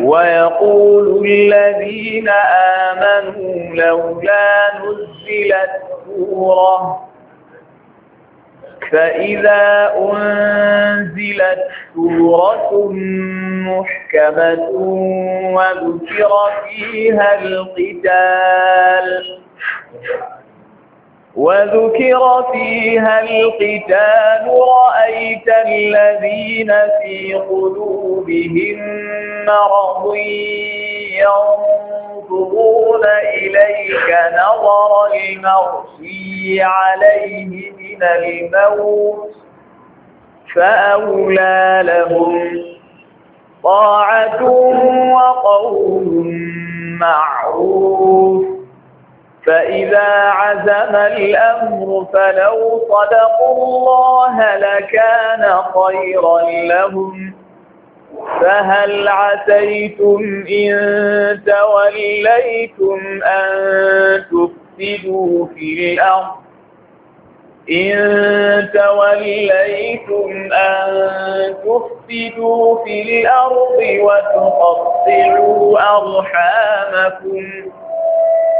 ويقول الذين آمنوا لولا نزلت سورة فإذا أنزلت سورة محكمة وذكر فيها القتال وذكر فيها القتال رأيت الذين في قلوبهم مرض ينظرون إليك نظر المغشي عليه من الموت فأولى لهم طاعة وقول معروف فإذا عزم الأمر فلو صدقوا الله لكان خيرا لهم فهل عسيتم إن توليتم أن تفسدوا في الأرض إن توليتم أن تفسدوا في الأرض وتقطعوا أرحامكم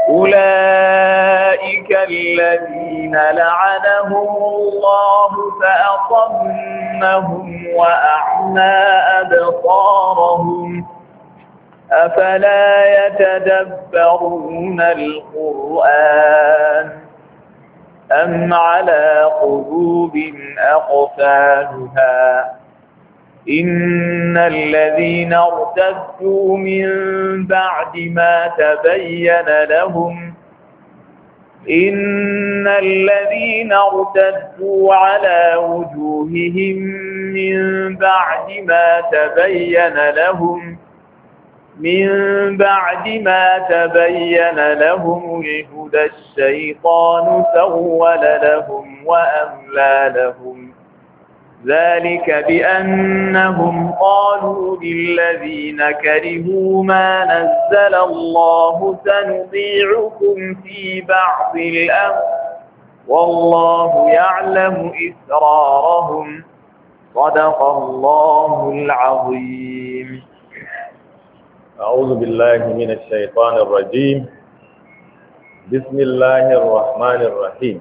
أولئك الذين لعنهم الله فأصمهم وأعمى أبصارهم أفلا يتدبرون القرآن أم على قلوب أقفالها إن الذين ارتدوا من بعد ما تبين لهم إن الذين ارتدوا على وجوههم من بعد ما تبين لهم من بعد ما تبين لهم الهدى الشيطان سول لهم وأملى لهم ذلك بأنهم قالوا للذين كرهوا ما نزل الله سنطيعكم في بعض الأمر والله يعلم إسرارهم صدق الله العظيم أعوذ بالله من الشيطان الرجيم بسم الله الرحمن الرحيم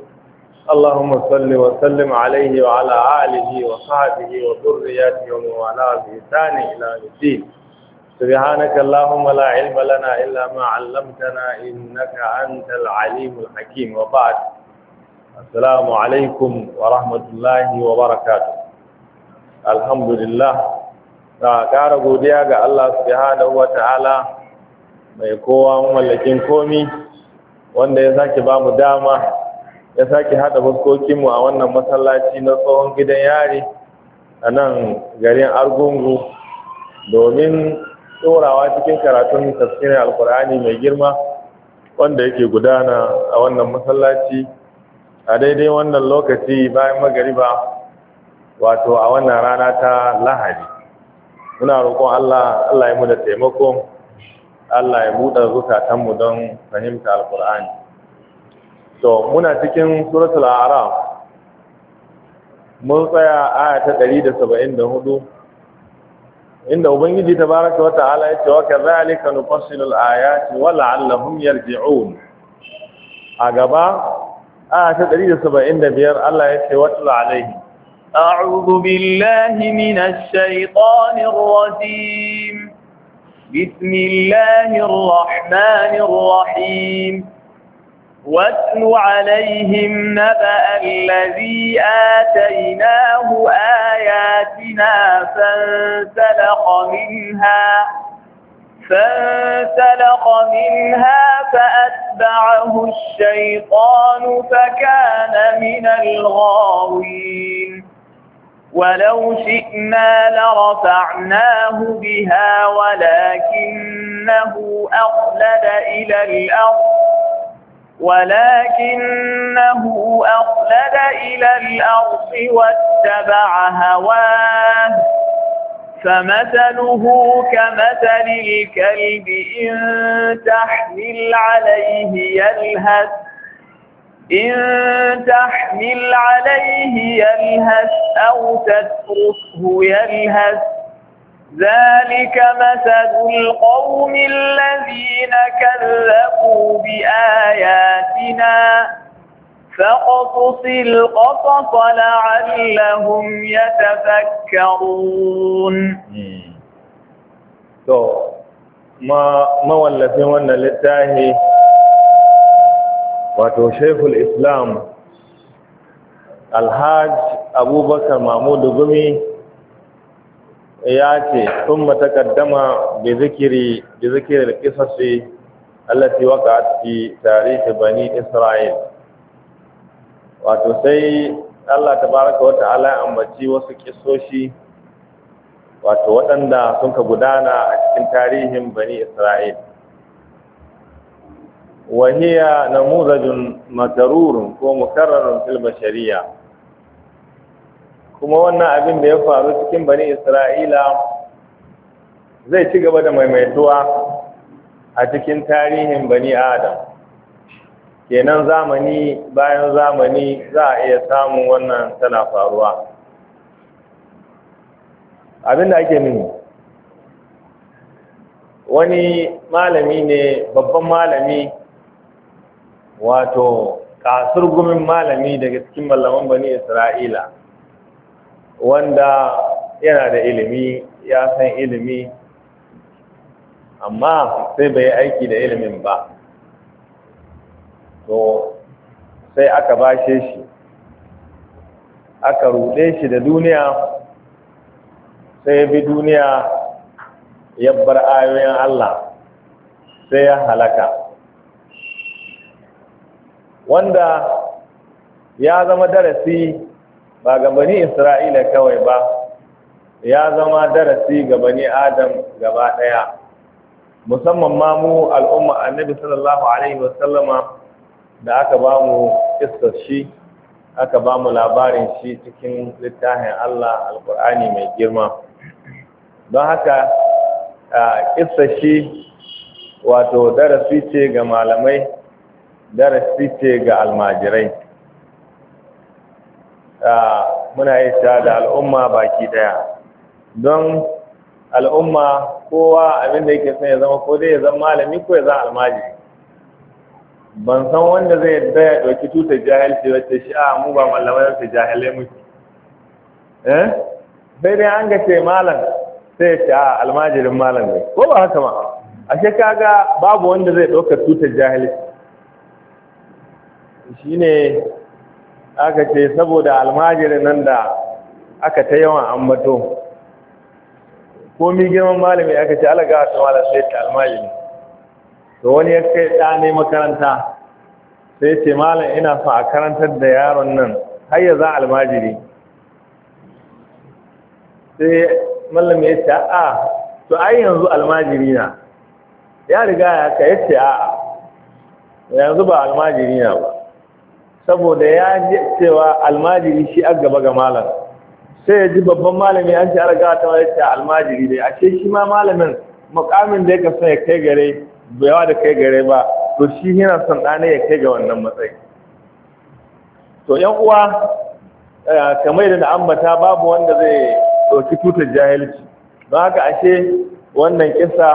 اللهم صل وسلم عليه وعلى آله وصحبه وذرياته ومن والاه بإحسان إلى الدين سبحانك اللهم لا علم لنا إلا ما علمتنا إنك أنت العليم الحكيم وبعد السلام عليكم ورحمة الله وبركاته الحمد لله ƙara godiya ga Allah subhanahu wa ta'ala mai kowa mallakin komi wanda ya sake ba mu dama ya sake haɗa fuskokinmu a wannan masallaci na tsohon gidan yari a nan garin argungu domin tsorawa cikin karatun tafsirin alkur'ani mai girma wanda yake gudana a wannan masallaci a daidai wannan lokaci bayan magariba wato a wannan rana ta lahadi muna roƙon allah allah ya mu da taimako allah ya buɗe zukatanmu don fahimta alkur'ani to muna cikin suratul a'raf mun tsaya aya ta 174 inda ubangiji tabaraka wata'ala ya ce wa kadhalika nufassilu al-ayati wa la'allahum yarji'un a gaba aya ta 175 Allah ya ce watlu alaihi أعوذ بالله من الشيطان الرجيم بسم الله الرحمن الرحيم واتل عليهم نبأ الذي آتيناه آياتنا فانسلخ منها فانسلخ منها فأتبعه الشيطان فكان من الغاوين ولو شئنا لرفعناه بها ولكنه أخلد إلى الأرض ولكنه أخلد إلى الأرض واتبع هواه فمثله كمثل الكلب إن تحمل عليه يلهث إن تحمل عليه يلهث أو تتركه يلهث ذلك مثل القوم الذين كذبوا بآيات بآياتنا فاقصص القصص لعلهم يتفكرون hmm. to ma wallafin wannan littafi wato shaykhul islam alhaj abubakar mahmud gumi ya ce sun matakaddama bi zikiri bi zikirin kisasi التي وقعت في sai Allah إسرائيل وتسي الله تبارك وتعالى ambaci wasu kisoshi wato waɗanda sun ka gudana a cikin tarihin bani isra'il wahiya hiya namuzajun madarurun ko mukarrarun fil shari'a kuma wannan abin da ya faru cikin bani isra'ila zai ci gaba da maimaituwa a cikin tarihin bani adam kenan zamani bayan zamani za a iya samun wannan tana faruwa abinda ake nuni wani malami ne babban malami wato kasur gumin malami daga cikin mallaman bani isra'ila wanda yana da ilimi ya san ilimi amma sai bai aiki da ilimin ba to sai aka bashe shi aka rude shi da duniya sai bi duniya ya bar ayoyin Allah sai ya halaka wanda ya zama darasi ba ga bani Isra'ila kawai ba ya zama darasi ga bani Adam gaba ɗaya musamman ma mu al'umma annabi sallallahu alaihi wa sallama da aka ba mu iskar aka ba mu labarin shi cikin littafin Allah alkur'ani mai girma don haka iskar wato darasi ce ga malamai darasi ce ga almajirai muna yi da al'umma baki daya don al'umma kowa abin da yake son ya zama ko dai ya zama malami ko ya zama almaji ban san wanda zai yadda ya ɗauki tutar jahilci wacce shi a mu ba malamai wacce jahilai muke eh sai dai an ga ce malam sai ce a almajirin malam ne ko ba haka ma ashe kaga babu wanda zai ɗaukar tutar jahilci shine aka ce saboda almajirin nan da aka ta yawan ambato ko mi girman malami aka ce alaga a da sai ta almajini to wani ya kai ɗa ne makaranta sai ce malam ina fa a karantar da yaron nan har ya za almajiri sai malami ya ce a to ai yanzu almajiri na ya riga ya ka ya ce a yanzu ba almajiri na ba saboda ya cewa almajiri shi a gaba ga malam sai ya ji babban malami an ce an raga ta wani ta almajiri dai ce shi ma malamin mukamin da ya kasa ya kai gare yawa da kai gare ba to shi yana son ɗane ya kai ga wannan matsayi to yan uwa eh, kamar da ambata babu wanda zai ɗauki tutar jahilci don haka ashe wannan kisa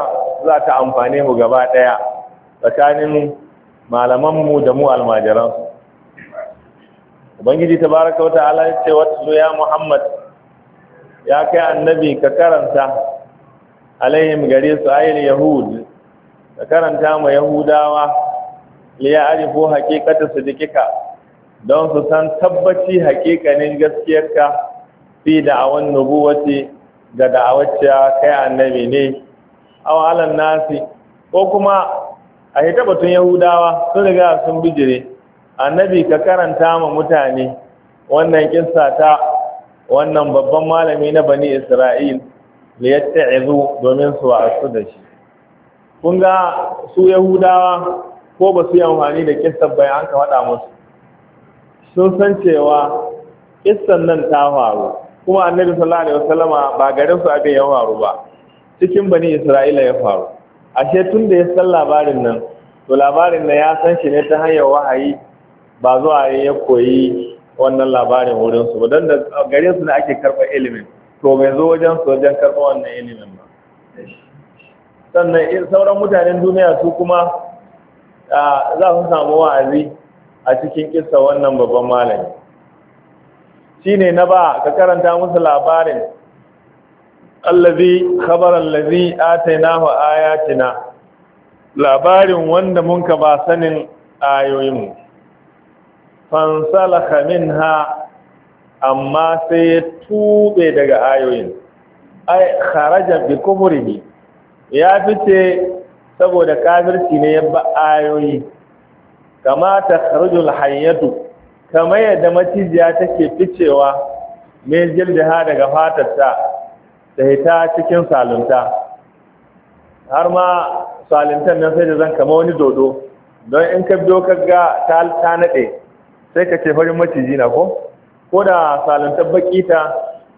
za ta amfane mu gaba ɗaya tsakanin malamanmu da mu almajiransu ubangiji tabaraka wa ta'ala ya ce wata ya muhammad ya kai annabi ka karanta alaihim gare su ayil yahud ka karanta ma yahudawa arifo ya'rifu su dikika don su san tabbaci haƙiƙanin gaskiyarka fi da'awan nubuwati ga da'awacciya kai annabi ne A wa'alan nasi ko kuma a hita batun yahudawa sun riga sun bijire annabi ka karanta ma mutane wannan kinsa ta wannan babban malami na bani isra'il da ya ta'izu domin su su da shi kun ga su yahudawa ko ba su yi amfani da kistan bai an ka faɗa musu sun san cewa kistan nan ta faru kuma annabi sallallahu alaihi wasallama ba gare su abin ya faru ba cikin bani isra'ila ya faru ashe tun da ya san labarin nan to labarin nan ya san shi ne ta hanyar wahayi ba zuwa ya koyi wannan labarin wurin su don da gare su ne ake karɓa ilimin to bai zo wajen su wajen wannan ilimin ba sannan sauran mutanen duniya su kuma za su samu wa'azi a cikin kisa wannan babban malami ne na ba ka karanta musu labarin allazi khabar allazi atainahu ayatina labarin wanda mun ka ba sanin ayoyinmu fansalaka ha, amma sai ya tube daga ayoyin ai kharaja bi kufrihi ya fice saboda kafirci ne ya ba ayoyi kama ta kharujul hayyatu kama yadda macijiya take ficewa mai ha daga fatarta da hita cikin salunta har ma saluntan nan sai da zan kama wani dodo don in ka biyo ka ga ta naɗe sai ka ce farin maciji na ko ko da salantar baki ta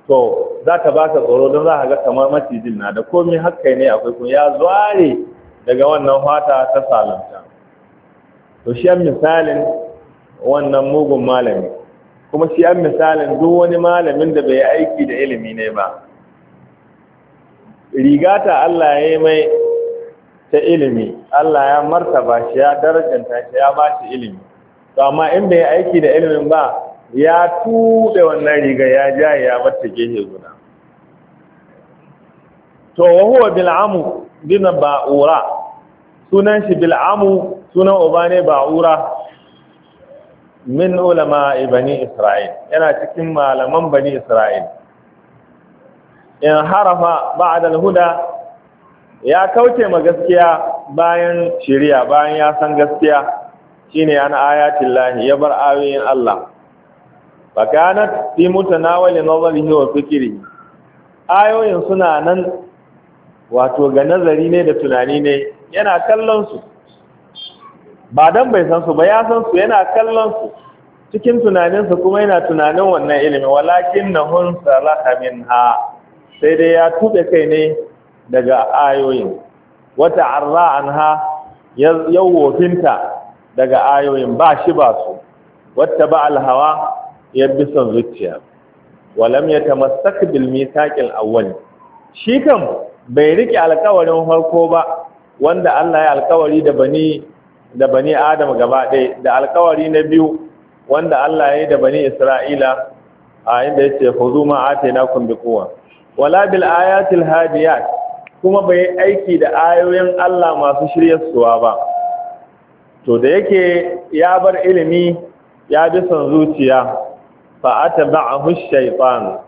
to za ta ba ka tsoro don za ka ga kamar macijin na da komi haka ne akwai kun ya zware daga wannan fata ta salanta to shi an misalin wannan mugun malami kuma shi an misalin duk wani malamin da bai aiki da ilimi ne ba rigata Allah ya yi mai ta ilimi Allah ya martaba shi ya darajanta shi ya ba shi ilimi to amma in bai aiki da ilimin ba ya tuɓe wannan riga ya ja ya bata gehe guda to wa huwa bil'amu bin ba'ura sunan shi bil'amu sunan uba ne ba'ura min ulama bani isra'il yana cikin malaman bani isra'il in harafa ba'da al-huda ya kauce ma gaskiya bayan shirya, bayan ya san gaskiya shine an ayatin lahi ya bar ayoyin Allah fa kanat fi mutanawali nazarihi wa fikri ayoyin suna nan wato ga nazari ne da tunani ne yana kallon su ba dan bai san su ba ya san su yana kallon su cikin tunaninsa kuma yana tunanin wannan ilimi walakin nahun salaha minha sai dai ya tube kai ne daga ayoyin wata arra anha ya wofinta daga ayoyin ba shi ba su wata ba alhawa ya bi son zuciya walam ya tamassak bilmi Auwalu. awwal shi kan bai rike alkawarin farko ba wanda Allah ya alkawari da bani Adam gaba ɗaya da alkawari na biyu wanda Allah ya yi da bani Isra'ila a inda ya ce huzu ma atainakum bi kowa wala bil ayatil hadiyat kuma bai aiki da ayoyin Allah masu suwa ba to da yake ya bar ilimi ya bi son zuciya fa atba'ahu shaytan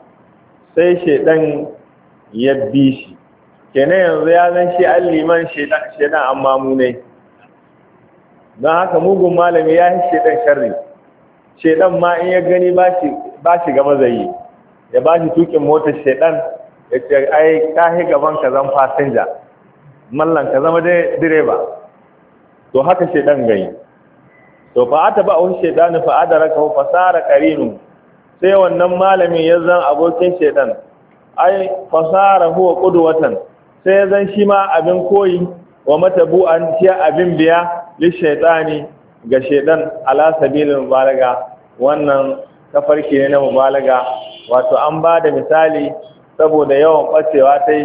sai shaidan ya bi shi kene yanzu ya zan shi alliman shaydan shaidan amma mu ne don haka mugun malami ya yi shaidan sharri Shaidan ma in ya gani ba shi ba shi zai yi ya ba shi tukin motar shaidan, ya ce ai kahi gaban ka zan fasinja mallan ka zama direba to haka shedan gai to fa ata ba wani shedan fa adaraka fa sara qarinu sai wannan malamin ya zan abokin shedan ai fa sara huwa qudwatan sai ya zan shi ma abin koyi wa an shi abin biya li shaytani ga shedan ala sabilin mubalaga wannan tafarki ne na mubalaga wato an ba da misali saboda yawan bacewa tai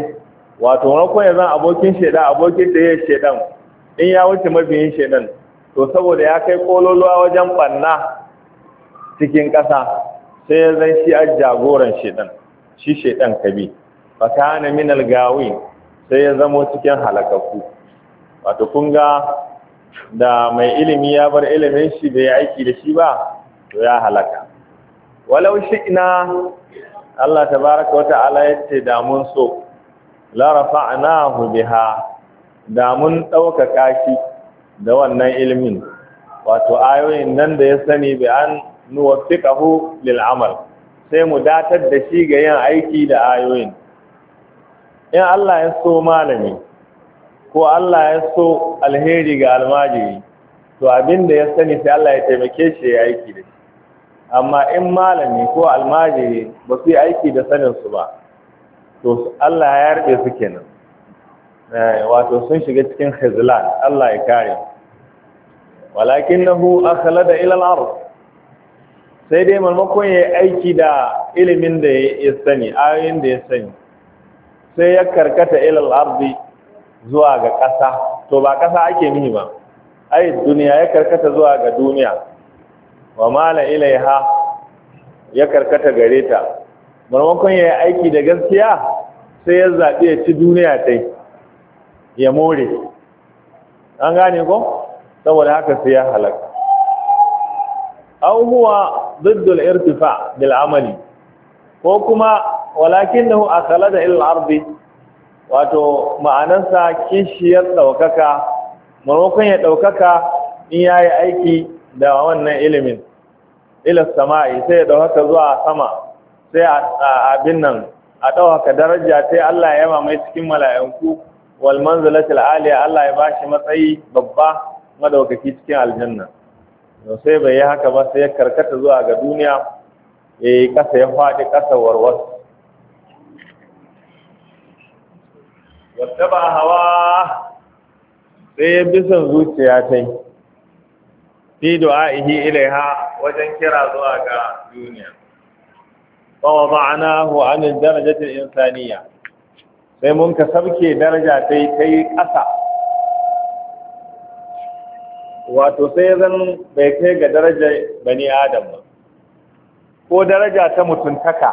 wato wani ya zan abokin shedan abokin da ya shedan in ya wuce mabiyin nan to saboda ya kai kololuwa wajen banna cikin ƙasa sai ya zai shi a jagoran shedan shi shedan kabi fa kana min al-gawi sai ya zamo cikin halakaku wato kun ga da mai ilimi ya bar ilimin shi bai aiki da shi ba to ya halaka walau ina Allah tabaraka wa ta'ala yace da mun so la rafa'nahu biha da mun ɗaukaka shi da wannan ilimin wato ayoyin nan da ya sani bi an nuwaffiqahu lil amal sai mu datar da shi ga yin aiki da ayoyin in Allah ya so malami ko Allah ya so alheri ga almajiri to abin da ya sani sai Allah ya taimake shi ya aiki da shi amma in malami ko almajiri ba su yi aiki da saninsu ba to Allah ya yarbe su kenan Eh, wato sun shiga cikin khizlan Allah ya kare walakinahu akhlada ila al-ard sai dai malmakon yayi aiki da ilimin da ya sani ayoyin da ya sani sai ya karkata ila al-ard zuwa ga ƙasa to ba ƙasa ake nihi ba ai duniya ya karkata zuwa ga duniya wa mala ilaiha ya karkata gareta, malmakon yayi aiki da gaskiya sai ya zabi ya ci duniya tai ya more an gane ko saboda haka sai ya halaka aw huwa ضد الارتفاع بالعمل ko kuma walakinahu akhlada ila ardi ard wato ma'anarsa kishiyar daukaka marokan ya daukaka in yayi aiki da wannan ilimin ila samai sai ya haka zuwa sama sai a abin nan a daukaka daraja sai Allah ya mai cikin mala'iku wal manzilatil aliya Allah ya bashi matsayi babba madaukaki cikin aljanna don sai bai yi haka ba sai ya karkata zuwa ga duniya ya yi kasa ya faɗi kasa warwar. wata ba hawa sai ya bi son zuciya ta yi fi ihi ilaiha wajen kira zuwa ga duniya fa wada'nahu 'an darajati al-insaniyah sai mun ka sabke daraja ta yi ƙasa wato sai zan bai kai ga daraja bani adam ba ko daraja ta mutuntaka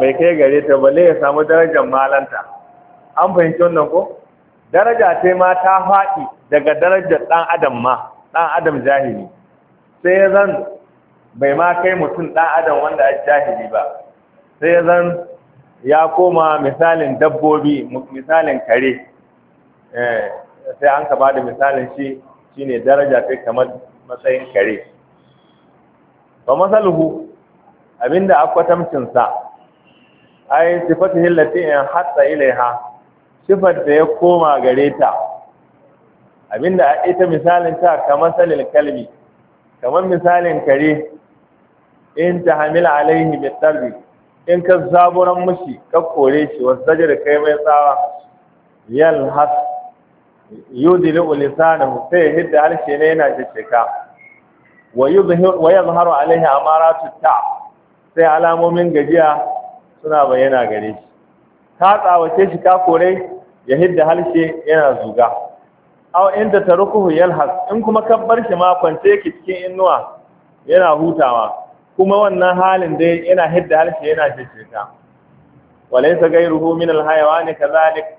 bai kai gare ta balle ya samu darajar malanta an fahimci wannan ko daraja ta ma ta faɗi daga darajar ɗan adam ma ɗan adam jahili sai zan bai ma kai mutum ɗan adam wanda a jahili ba sai zan ya koma misalin dabbobi misalin kare eh, sai an ka ba da misalin shi shine daraja sai kamar matsayin kare ba masaluhu abinda akwatamcinsa ai sifatu hillati in hatta ilaiha sifar da ya koma gare ta abinda ita misalin ta kamar salil kalbi kamar misalin kare in ta hamila alaihi bitarbi in ka zaburan mushi ka kore shi wasu zajar kai mai tsawa yal has yudili ulisanahu sai hidda harshe ne yana shishika wa yuzharu alaihi mara ta sai alamomin gajiya suna bayyana gare shi ka tsawace shi ka kore ya hidda harshe yana zuga aw inda tarukuhu yalhas in kuma kabbar shi ma kwance yake cikin inuwa yana hutawa kuma wannan halin dai yana hidda harshe yana jejjeta walaysa ghayruhu min alhayawan kadhalik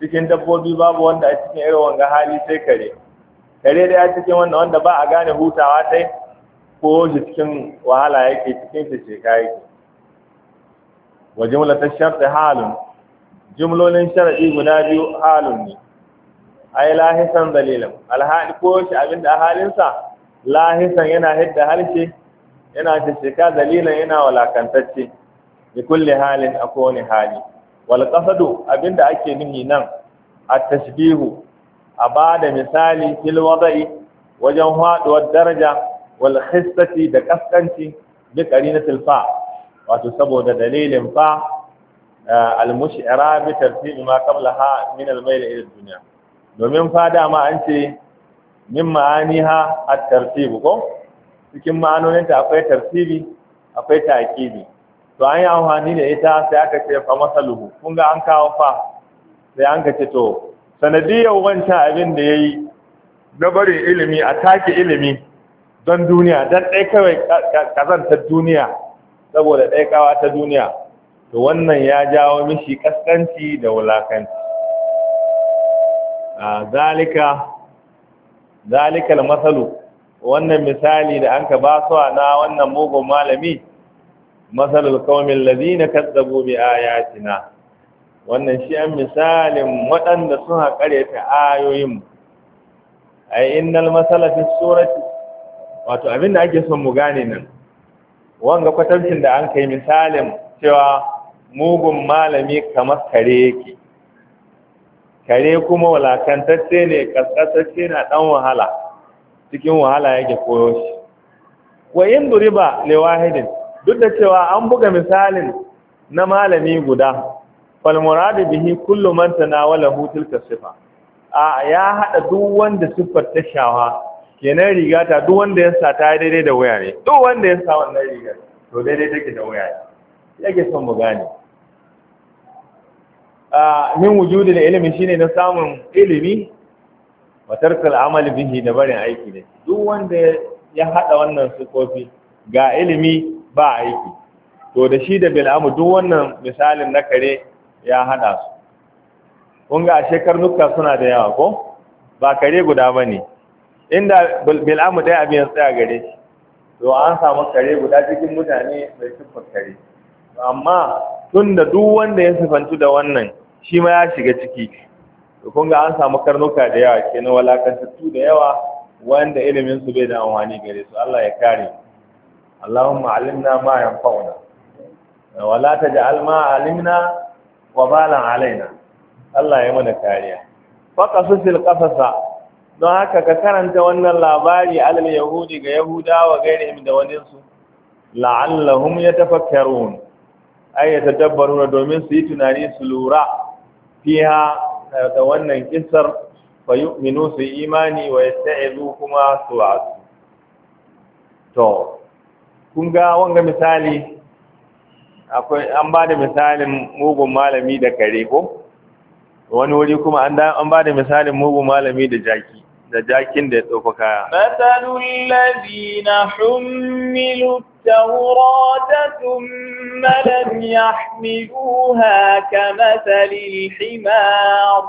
cikin dabbobi babu wanda a cikin irin wanga hali sai kare kare dai a cikin wanda wanda ba a gane hutawa sai ko shi cikin wahala yake cikin shi yake. kai wa ta sharti halun jumlolin shar'i guda biyu halun ne ai lahisan dalilan alhali ko shi abinda halinsa lahisan yana hidda harshe yana shishika dalilan yana walakantacce bi kulle halin a kowane hali wal qasadu abinda ake nuhi nan a tashbihu a bada misali fil wada'i wajen haɗuwar daraja wal khissati da kaskanci bi qarinatil fa wato saboda dalilin fa eh, al mush'ira bi tartibi ma qablaha min al mayl ila dunya domin fa dama an ce min ma'aniha at tartibu ko cikin ma'anoninta akwai tarsibi akwai ta'kidi to an yi amfani da ita sai aka ce fa masaluhu kun ga an kawo fa sai an ce to sanadiyar wancan abin da yayi na barin ilimi a take ilimi don duniya don ɗaya kawai kazantar duniya saboda ɗaya kawa ta duniya to wannan ya jawo mishi kaskanci da wulakanci a zalika zalikal masalu wannan misali da anka ba su na wannan mugun malami masalul qaumin ladina kazzabu bi na. wannan shi an misalin waɗanda sun haƙare ta ayoyin A innal masala fi surati wato abin da ake son mu gane nan wanga kwatancin da an kai misalin cewa mugun malami kamar kare yake kare kuma walakantacce ne kaskasacce na ɗan wahala cikin wahala yake koyo shi wa in duriba li wahidin duk da cewa an buga misalin na malami guda fal murad bihi kullu man tanawala hu tilka sifa a ya hada duk wanda sifar ta shawa kenan riga ta duk wanda ya sa ta daidai da waya ne duk wanda ya sa wannan riga to daidai take da waya ne yake son mu gane a min wujudi da ilimi shine na samun ilimi wa tarkal amali bihi da barin aiki da duk wanda ya hada wannan sifofi ga ilimi ba aiki to da shi da bil'amu duk wannan misalin na kare ya hada su kun ga ashe karnuka suna da yawa ko ba kare guda bane inda bil'amu dai abin ya tsaya gare shi to an samu kare guda cikin mutane mai siffar kare amma tun da duk wanda ya sifantu da wannan shi ma ya shiga ciki to kun ga an samu karnuka da yawa ke kenan walakantattu da yawa wanda ilimin su bai da amfani gare su Allah ya kare Allahumma alimna ma yanfa'una wa la taj'al ma alimna wa balan alaina Allah ya mana kariya faqasul qasasa don haka ka karanta wannan labari alal yahudi ga yahudawa gairihim da wani su la'allahum yatafakkarun ay yatadabbaruna domin su yi tunani su lura fiha da wannan kisar fa yu'minu su imani wa yasta'izu kuma su wasu. to kun ga wanga misali akwai an ba da misalin mugun malami da kare ko wani wuri kuma an ba da misalin mugun malami da jaki da jakin da التوراة ثم لم يحملوها كمثل الحمار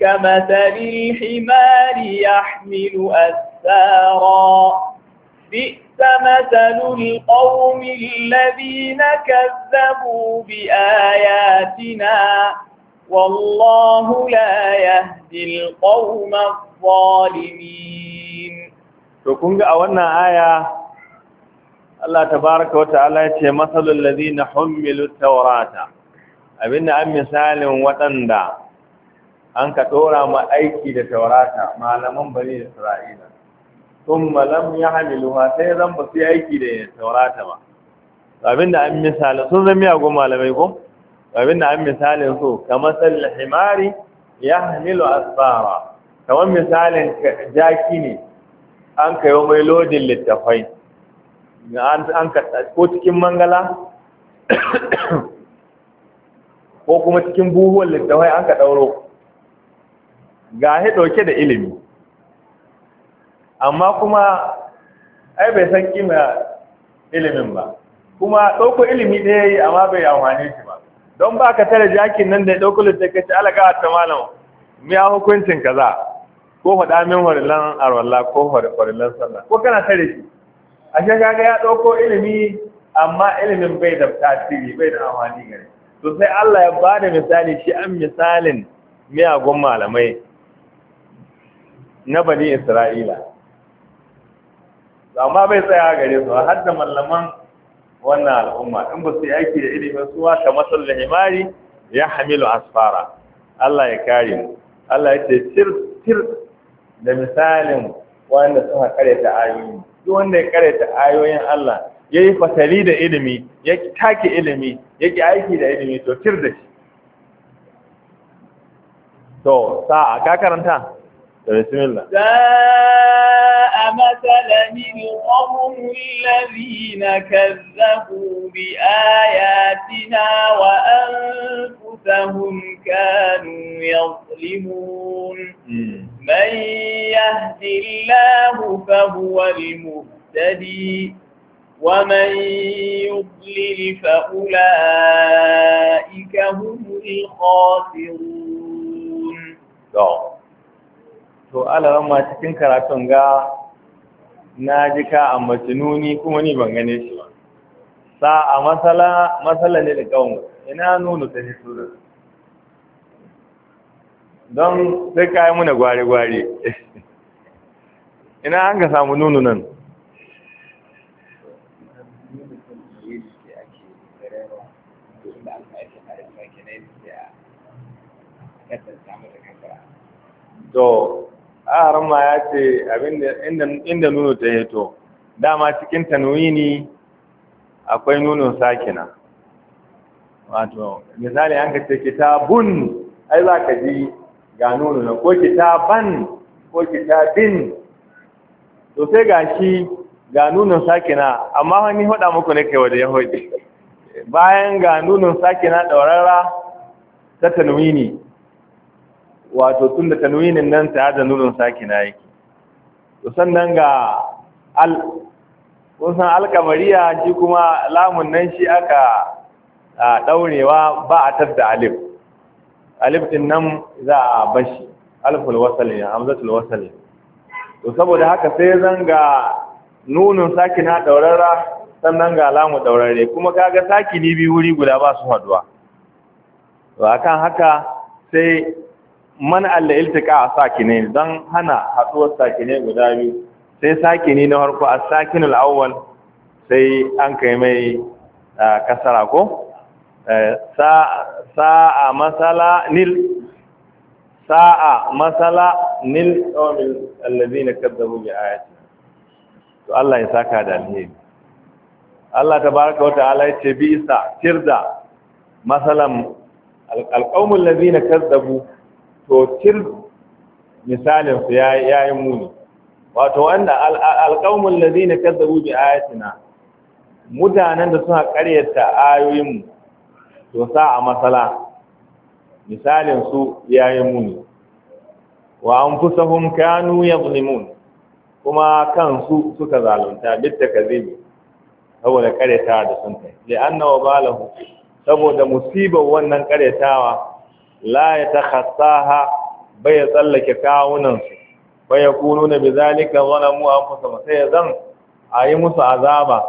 كمثل الحمار يحمل أسفارا بئس مثل القوم الذين كذبوا بآياتنا والله لا يهدي القوم الظالمين to kunga a wannan aya Allah tabaraka wa ta'ala ya ce masalul ladina humilu tawrata abinda an misalin waɗanda an ka dora ma aiki da taurata malaman bani Isra'ila thumma lam yahmiluha sai zan ba su aiki da taurata ba abinda an misali sun zan zama yago malamai ko abinda an misalin su kamar sal himari yahmilu asfara kamar misalin jaki ne an yi mai lodin littafai an ka ko cikin mangala ko kuma cikin buhuwan littafai an ka ɗauro ga shi ɗauke da ilimi amma kuma ai bai san kima ilimin ba kuma ɗauko ilimi ɗaya yi amma bai amfani shi ba don ba ka tare jakin nan da ya ɗauko littafai ta ci alaƙa ta malam miya hukuncin kaza ko faɗa min warillan arwalla ko warillan sallah ko kana tare shi ashe kaga ya ɗauko ilimi amma ilimin bai da tasiri bai da amfani gare to sai Allah ya bada misali shi an misalin miyagun malamai na bani Isra'ila amma bai tsaya gare su har da mallaman wannan al'umma in ba su yi aiki da ilimin suwa ta masal himari ya hamilu asfara Allah ya kare mu Allah ya ce sir da misalin wanda suka karyata ayoyi duk wanda ya karyata ayoyin Allah yayi fasali da ilimi ya take ilimi ki aiki da ilimi to tir da shi to sa'a ka karanta طيب، بسم الله ساء مثلا القوم الذين كذبوا بآياتنا وأنفسهم كانوا يظلمون من يهد الله فهو المهتدي ومن يضلل فأولئك هم الخاسرون طيب. to alarama cikin karatun ga na ji ka a matinuni kuma ni ban gane shi ba a masala masala ne da kawon ina nunu ta hito da don sai ka yi muna gwari-gwari ina an ga samu nunu nan to ƙaharar ma ya ce inda nuno ta heto dama cikin tanwini akwai nuno sakina wato misali an ka ce bun ai za ka ji ga nuno na ko ban, ko kita bin, to sai ga shi ga nuno sakina amma wani hada muku nake wadda ya hoɗe bayan ga nuno sakina ɗaurara ta tanwini wato tun da tanwinin nan ta da nunun sakina yake to sannan ga al kun san alkamariya shi kuma lamun nan shi aka daurewa ba a tadda alif alif din nan za a bashi alful wasal ya hamzatul wasal ne to saboda haka sai zan ga nunun sakina daurara sannan ga lamu daurare kuma kaga sakini bi wuri guda ba su haduwa to akan haka sai Mana Allah iltika a ne don hana haɗuwar ne guda biyu sai sakini na harko a sakinul al'awwal sai an kai mai kasara ko sa'a masala nil sa'a masala nil ɗomin allazi na kaddabu bi ayati to Allah ya saka da alheri Allah ta baraka wata ala ya ce bi isa tirda masalan alƙaumin allazi na kaddabu to tir misalin su yi muni wato wanda alqaumul ladina kazzabu bi ayatina mutanen da suka karyata ayoyin mu to sa a matsala. misalin su yi muni wa an fi sahun kanu yadhlimun kuma kansu suka zalunta bitta zai saboda ƙaryata da sun kai ba la wabalahu saboda musibar wannan ƙaryatawa la ya takhassaha bai ya tsallake kawunan su bai ya kunu na bizalika zalamu anfusahum sai ya zan ayi musu azaba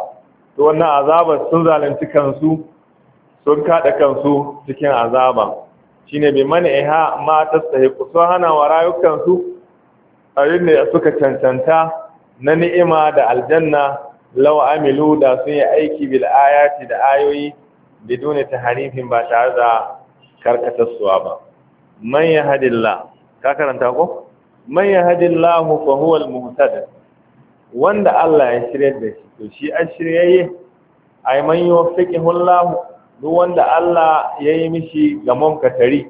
to wannan azaba sun zalunci kansu sun kada kansu cikin azaba shine bi man'iha ma tastahiqu sun hana wa rayukansu abin ne suka cancanta na ni'ima da aljanna law amilu da sun yi aiki bil ayati da ayoyi biduni taharifin ba tare da karkatarsuwa ba man yahdillah ka karanta ko man yahdillahu fa huwa al-muhtadi wanda Allah ya shirye da shi to shi an shiryayye ay man yuwaffiqihu Allah duk wanda Allah ya yi mishi gamon katari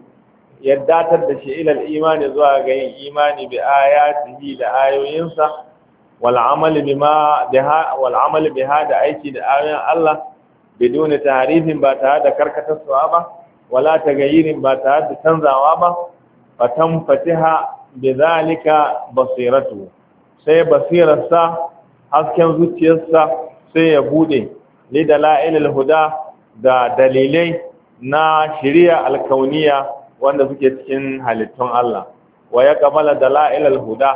ya datar da shi ilal imani zuwa ga yin imani bi ayatihi da ayoyinsa wal amali bima ha da aiki da ayoyin Allah bi bidun tahrifin ba tare da karkatarsuwa ba wala ta gayirin ba ta da canzawa ba fatan fatiha bi zalika basiratu sai basirarsa hasken zuciyarsa sai ya bude li dalailil huda da dalilai na shari'a alkauniya wanda suke cikin halittun Allah wa ya kamala dalailil huda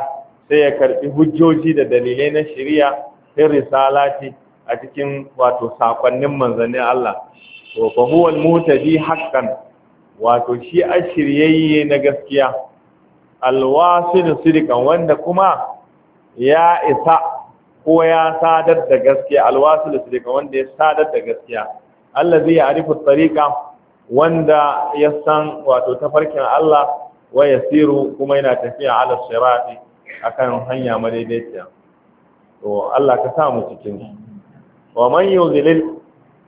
sai ya karbi hujjoji da dalilai na shari'a sai risalati a cikin wato sakonnin manzannin Allah to fa huwa al-muhtadi haqqan wato shi ashiryayye na gaskiya al-wasil sidqan wanda kuma ya isa ko ya sadar da gaskiya al-wasil sidqan wanda ya sadar da gaskiya allazi ya'rifu at-tariqa wanda ya san wato tafarkin Allah wa yasiru kuma yana tafiya ala sirati akan hanya madaidaiciya to Allah ka sa mu cikin wa man yuzilil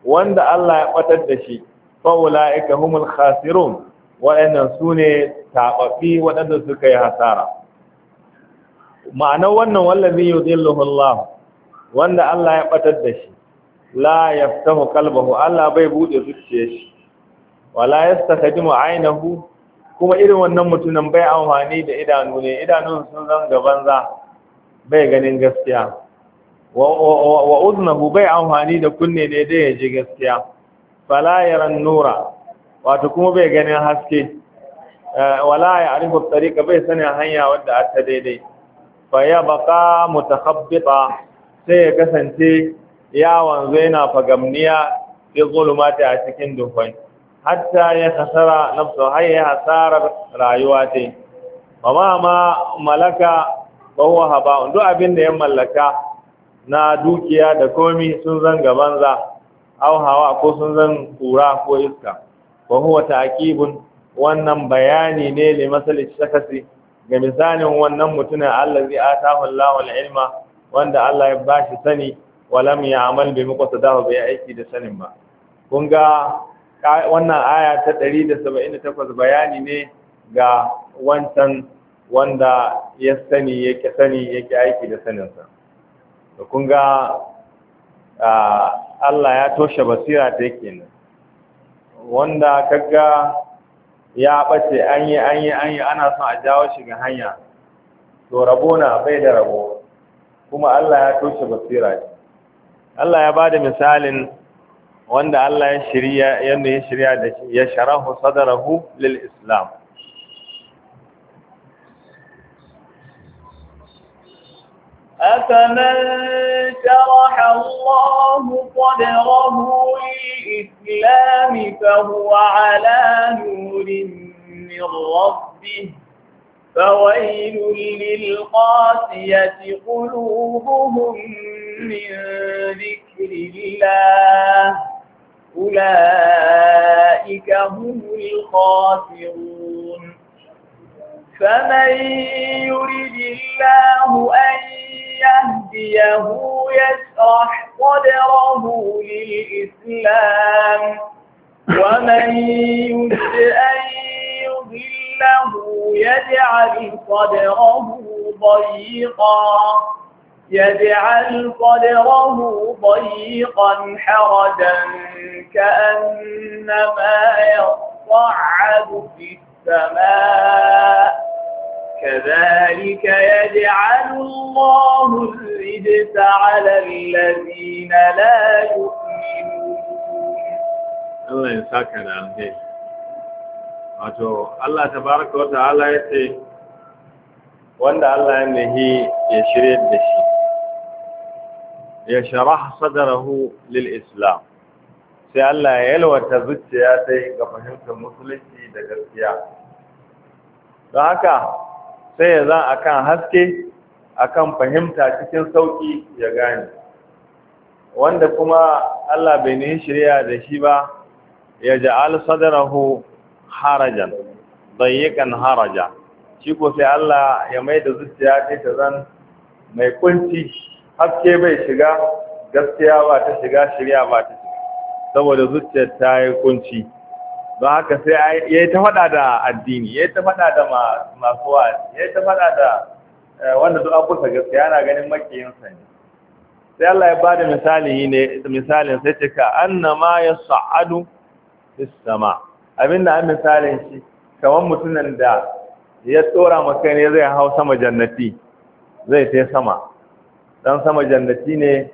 wanda Allah ya batar da shi ika humul khasirun waɗannan su ne taɓaɓi waɗanda suka yi hasara ma'anar wannan wallazi zai Allah wanda Allah ya batar da shi la yaftahu kalbahu, Allah bai buɗe zuciyar shi wala yastaqdimu ainihu, kuma irin wannan mutumin bai amfani da idanu ne idanun sun zanga banza bai ganin gaskiya wa uznahu bai amfani da kunne ne dai ya ji gaskiya fala yaran nura wato kuma bai ganin haske eh, wala ya arifu tsarika bai sani hanya wadda ta daidai fa ya baka mutakhabbita sai ya kasance ya wanzu yana fagamniya fi zulumati a cikin dukwai hatta ya kasara nafsu har ya hasarar rayuwa ta wa ma malaka ba huwa duk abin da ya mallaka na dukiya da komi sun zan gaban za au hawa ko sun zan kura ko iska wa huwa ta'qibun wannan bayani ne li masalin shakasi ga misalin wannan mutumin allazi atahu Allahu al-ilma wanda Allah ya bashi sani lam ya'mal bi muqtadahu bi aiki da sanin ba kun ga wannan aya ta 178 bayani ne ga wancan wanda ya sani yake sani yake aiki da saninsa da kun ga Allah ya toshe basira ta yake nan wanda kaga ya ɓace an yi an yi an yi ana son a jawo shi ga hanya to rabo na bai da rabo kuma Allah ya toshe basira ta. Allah ya ba da misalin wanda Allah ya shirya yadda ya shirya da shi ya sharahu sadarahu lil islam أفمن شرح الله صدره للإسلام فهو على نور من ربه فويل للقاسية قلوبهم من ذكر الله أولئك هم الخاسرون فمن يرد الله أن يهديه يشرح صدره للإسلام ومن يشاء أن يضله يجعل صدره ضيقا يجعل صدره ضيقا حرجا كأنما يصعد في السماء كذلك يجعل الله الرجس على الذين لا يؤمنون الله ينساك على الخير wato Allah tabaraka wa ta'ala ya ce wanda Allah ya nahi ya shirye da shi ya sharah sadarahu lil islam sai Allah ya yalwata zuciya ta ga fahimtar musulunci da gaskiya don haka sai ya za a kan haske a kan fahimta cikin sauƙi ya gane wanda kuma Allah bai ne shirya da shi ba ya ja'al sadarahu harajan dayyakan haraja shi ko sai Allah ya mai da zuciya ta zan mai kunci haske bai shiga gaskiya ba ta shiga shirya ba ta shiga saboda zuciyar ta yi kunci ba haka sai ya yi ta faɗa da addini ya yi ta faɗa da masu wa'azi ya yi ta faɗa da eh, wanda duk kusa gaskiya yana ganin makiyinsa ne sai Allah ya bada misali ne misalin sai ce ka annama ya sa'adu fis Abin abinda an misalin shi kamar mutumin da ya tsora maka ne zai hau sama jannati zai sai sama dan sama jannati ne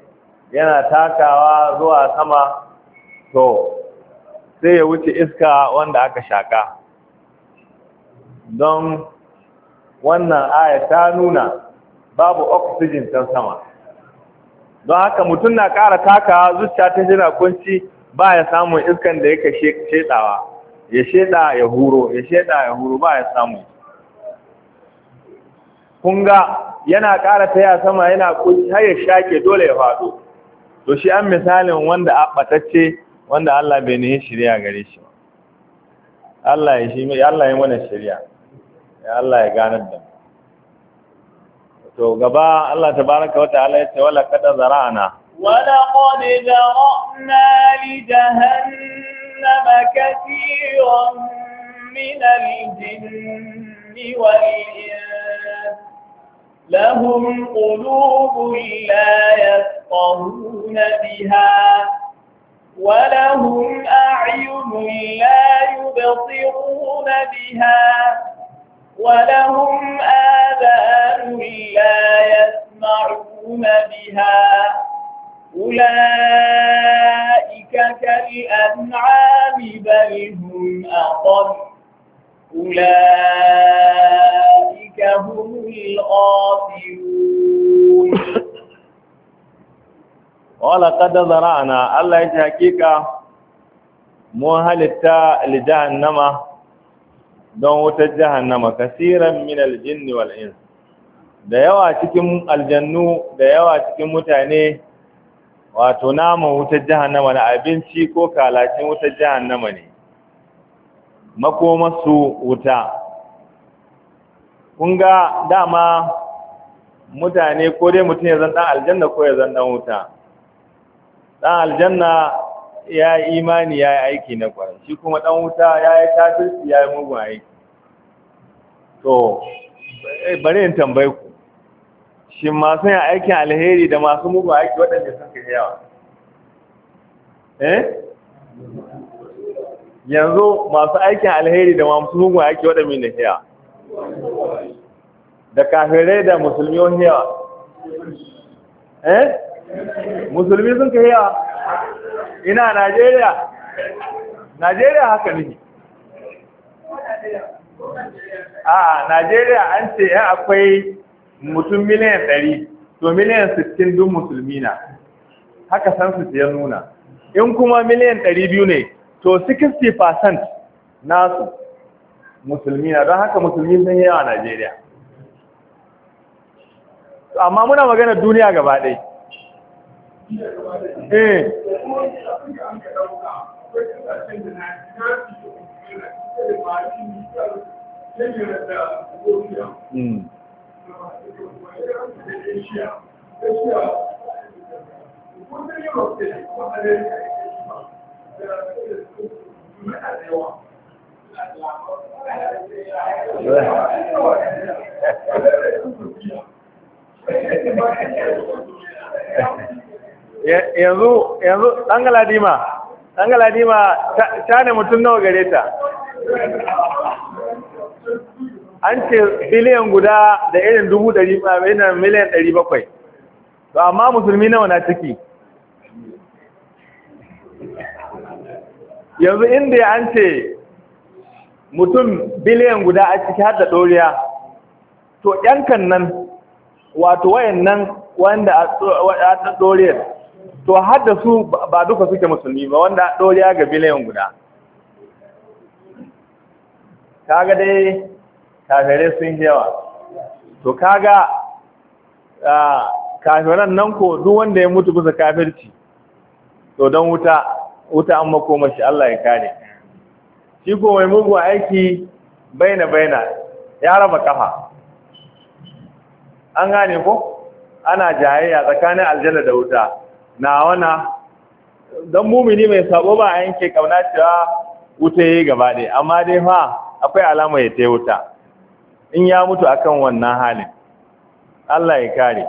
yana takawa zuwa sama to sai ya wuce iska wanda aka shaƙa don wannan aya ta nuna babu oxygen can sama don haka mutum na ƙara taka zuciya ta jina kunci ba ya samun iskan da yake shedawa ya sheda ya huro ya sheda ya huro ba ya samu kunga yana ƙara taya sama yana kunci har ya shake dole ya faɗo to shi an misalin wanda a ɓatacce wanda Allah bai nihin shirya gare shi Allah ya shi mai Allah ya mana shirya ya Allah ya ganar da mu to gaba Allah tabaraka wa ta'ala ya ce wala kada zara'ana ولقد ذرأنا لجهنم كثيرا من الجن والإنس لهم قلوب لا يفقهون بها ولهم أعين لا يبصرون بها ولهم آذان لا يسمعون بها أولئك كالأنعام بل هم أضل أولئك هم الغافلون wala kada ana Allah ya ce hakika mun halitta li jahannama don wutar jahannama kasiran min aljinni wal ins da yawa cikin aljannu da yawa cikin mutane wato naman wutar jahannama na abinci ko kalacin wutar jahannama ne makomasu wuta kun ga dama mutane ko dai mutum ya zan dan aljanna ko ya zan dan wuta dan aljanna ya yi imani ya yi aiki na kwarai shi kuma dan wuta ya yi tafirci ya yi mugun aiki to bari in tambayi ku shi masu yin aikin alheri da masu mugun aiki waɗanda sun ka yawa eh yanzu masu aikin alheri da masu mugun aiki waɗanda ne yawa da kafirai da musulmi yawa eh musulmi sun kai yawa ina najeriya najeriya haka ne a najeriya an ce yan akwai mutum miliyan ɗari to miliyan sittin dun musulmi na haka san su ya nuna in kuma miliyan ɗari biyu ne to 60% nasu musulmi na don haka musulmi sun yi yawa najeriya amma muna magana duniya gaba ɗaya eh hmm. yanzu yanzu ɗan galadima ɗan galadima ta ne mutum nawa gare ta an ce biliyan guda da irin dubu ɗari miliyan ɗari bakwai to amma musulmi nawa na ciki yanzu inda an ce mutum biliyan guda a ciki har da ɗoriya to ‘yankan nan wato wayan nan wanda a ɗoriyar to har da su ba duka suke musulmi ba wanda ɗoriya ga biliyan guda kaga dai kafirai sun yawa to kaga kafiran nan ko duk wanda ya mutu kusa kafirci to don wuta wuta an makoma shi Allah ya kare shi ko mai mugu aiki baina baina ya raba kafa an gane ko ana jayayya tsakanin aljanna da wuta na wana don mumini mai sabo ba a yanke kauna cewa wuta ya yi gaba ne amma dai fa akwai alama ya ta wuta in ya mutu akan wannan halin Allah ya kare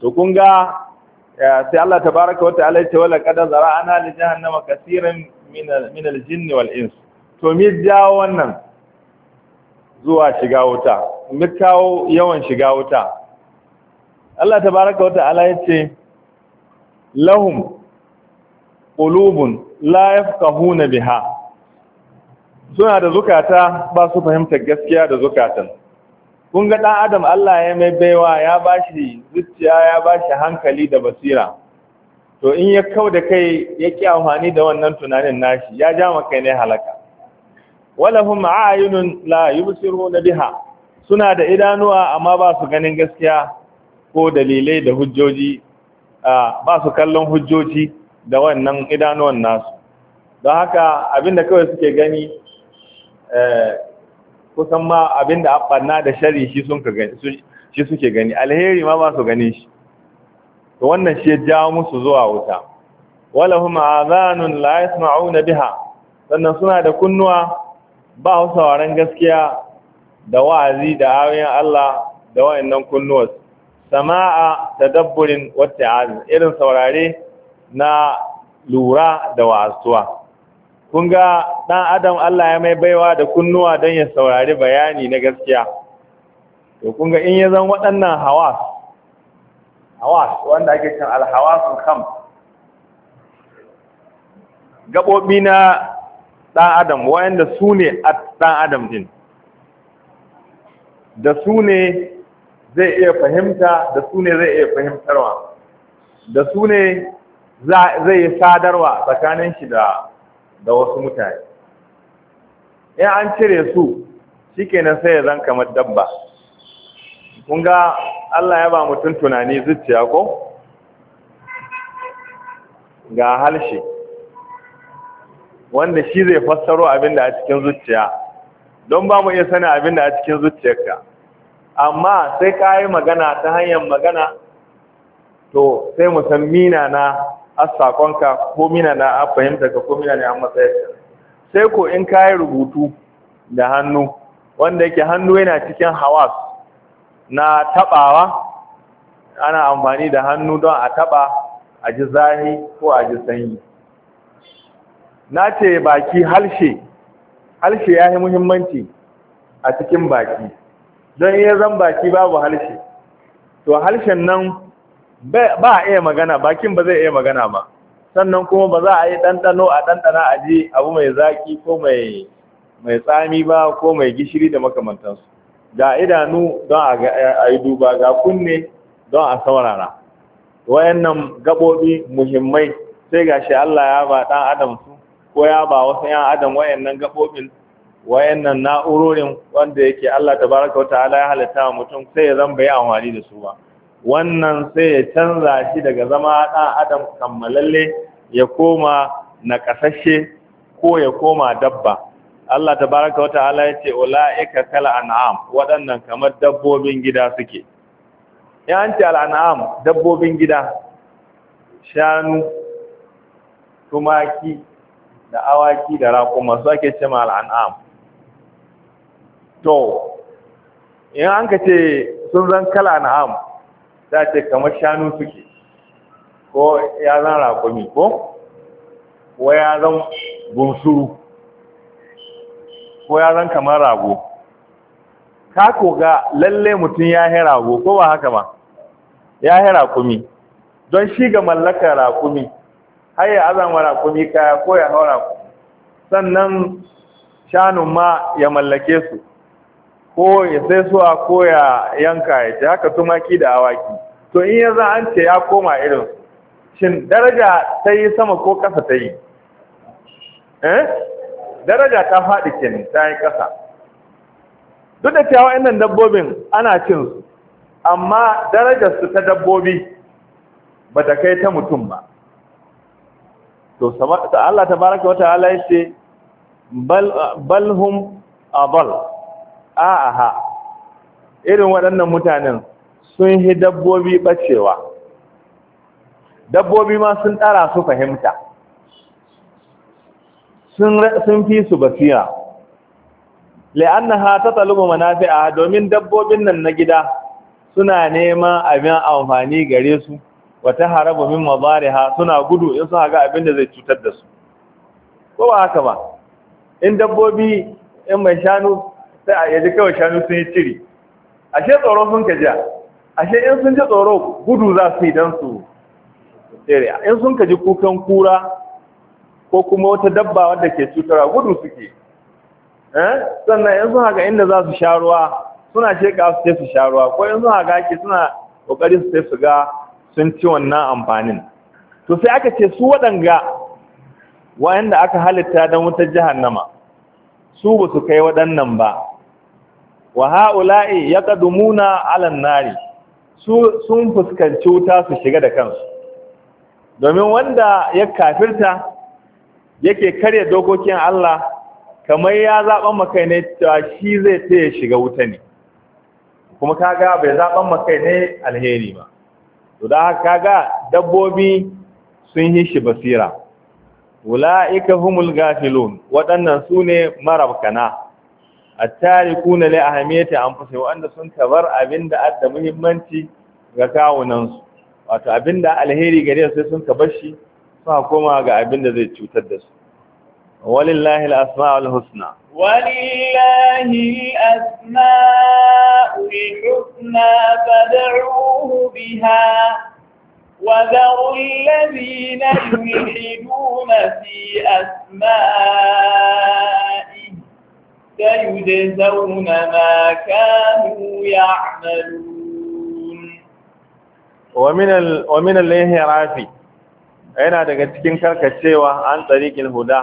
to kun ga sai Allah ta baraka wata ya ce wala kada zara ana li jahannama kaseeran min min al jinn wal ins to mi jawo wannan zuwa shiga wuta mi kawo yawan shiga wuta Allah ta baraka wata ya ce lahum qulubun la yafqahuna biha suna da zukata ba su fahimtar gaskiya da zukatan kun ga dan adam Allah ya mai baiwa ya bashi zuciya ya bashi hankali da basira to in ya kau da kai ya ki amfani da wannan tunanin nashi ya ja maka ne halaka walahum a'yunun la na biha suna da idanuwa amma ba su ganin gaskiya ko dalilai da hujjoji ba su kallon hujjoji da wannan idanuwan nasu don haka abinda kawai suke gani e, kusan ma abinda abanna da shari shi suke gani alheri ma ba su gani shi to wannan shi ya jawo musu zuwa wuta walahum azanun la yasma'una biha sannan suna da kunnuwa ba su sauraron gaskiya da wa'azi da ayoyin Allah da wayannan kunnuwansu. sama'a tadabburin azu irin saurare na lura da wasuwa. kun ga dan adam Allah ya mai baiwa da kunnuwa don ya saurari bayani na gaskiya to kun ga in ya zan waɗannan hawas hawas wanda ake cin alhawasun kam? gaɓoɓi na ɗan adam wayanda su ne a ɗan adam din da su ne zai iya fahimta da su ne zai iya fahimtarwa da su ne zai yi sadarwa tsakanin shi da da wasu mutane in an cire su shi kenan sai ya zan kamar dabba kun ga Allah ya ba mutum tunani zuciya ko ga halshe wanda shi zai fassaro abinda a cikin zuciya don ba mu iya sani abinda a cikin zuciyarka amma sai ka yi magana ta hanyar magana to sai mu san mina na a sakonka ko mina na a fahimta ka ko mina ne a sai ko in ka yi rubutu da hannu wanda yake hannu yana cikin hawas na tabawa ana amfani da hannu don a taba a ji zahi ko a ji sanyi na ce baki halshe halshe ya yi muhimmanci a cikin baki don iya zan baki babu harshe to harshen nan ba a iya magana bakin ba zai iya magana ba sannan kuma ba za a yi ɗanɗano a ɗanɗana a ji abu mai zaƙi ko mai tsami ba ko mai gishiri da makamantansu ga idanu don a yi duba ga kunne don a saurara wayannan gaɓoɓi muhimmai sai ga shi Allah ya ba ɗan adam su ko ya ba wasu ‘yan adam wayannan gaɓoɓin wayannan na'urorin wanda yake Allah tabaraka wa ta'ala ya halitta wa mutum sai ya zan bai amfani da su ba wannan sai ya canza shi daga zama ɗan adam kammalalle ya koma naƙasashe ko ya koma dabba Allah tabaraka wa ta'ala ya ce ula'ika kal an'am waɗannan kamar dabbobin gida suke ya an ce al'an'am dabbobin gida shanu tumaki da awaki da raƙuma su ake ce ma al'an'am to in an ka ce sun zan kala na am? za ce kamar shanu suke ko ya zan rakumi ko ko ya zan bunsuru ko ya zan kamar rago ka koga lalle mutum ya yi rago ko ba haka ba ya yi rakumi don shi ga mallaka rakumi har ya azama rakumi kaya ko ya hau rakumi sannan shanun ma ya mallake su ko ya sai suwa ko ya yanka ya ce haka tumaki da awaki to in yanzu an ce ya koma irin shin daraja ta yi sama ko ƙasa ta yi eh daraja ta faɗi kenan ta yi ƙasa duk da cewa wa'annan dabbobin ana cin su amma darajar su ta dabbobi ba ta kai ta mutum ba to Allah ta baraka ta'ala ce bal balhum adall a'aha irin waɗannan mutanen sun yi dabbobi bacewa dabbobi ma sun ɗara su fahimta sun fi su basira la'annaha ta talubu manafi'a domin dabbobin nan na gida suna neman abin amfani gare su wata harabu min mazariha suna gudu in suka ga abin da zai cutar da su ko ba haka ba in dabbobi in mai shanu sai a yaji kawai shanu sun yi ciri ashe tsoro sun ka ja ashe in sun ji tsoro gudu za su yi don su tsere in sun ka ji kukan kura ko kuma wata dabba wadda ke cutarwa gudu suke eh? sannan in sun haka inda za su sha ruwa suna sheka su ce su sha ruwa ko in sun haka ake suna kokari su sai su ga sun ci wannan amfanin to sai aka ce su waɗanga wayanda aka halitta don wutar jahannama su ba su kai waɗannan ba wa ha'ula'i muna 'alan nari sun fuskanci wuta su shiga da kansu domin wanda ya kafirta yake karya dokokin Allah kamar ya zaɓa makai ne cewa shi zai taya shiga wuta ne kuma kaga bai zaɓa makai ne alheri ba to da haka kaga dabbobi sun yi shi basira ula'ika humul gafilun waɗannan su ne marabkana at-tarikuna li ahamiyati anfusihim wanda sun tabar abinda adda muhimmanci ga kawunan su wato abinda alheri gare su sun tabar shi suka koma ga abinda zai cutar da su walillahi al-asma'ul husna walillahi al-asma'ul husna fad'uhu biha وذروا الذين يلحدون في أسمائه سيجزون ما كانوا يعملون ومن ال... ومن رافي yana daga cikin karkacewa an tsarikin huda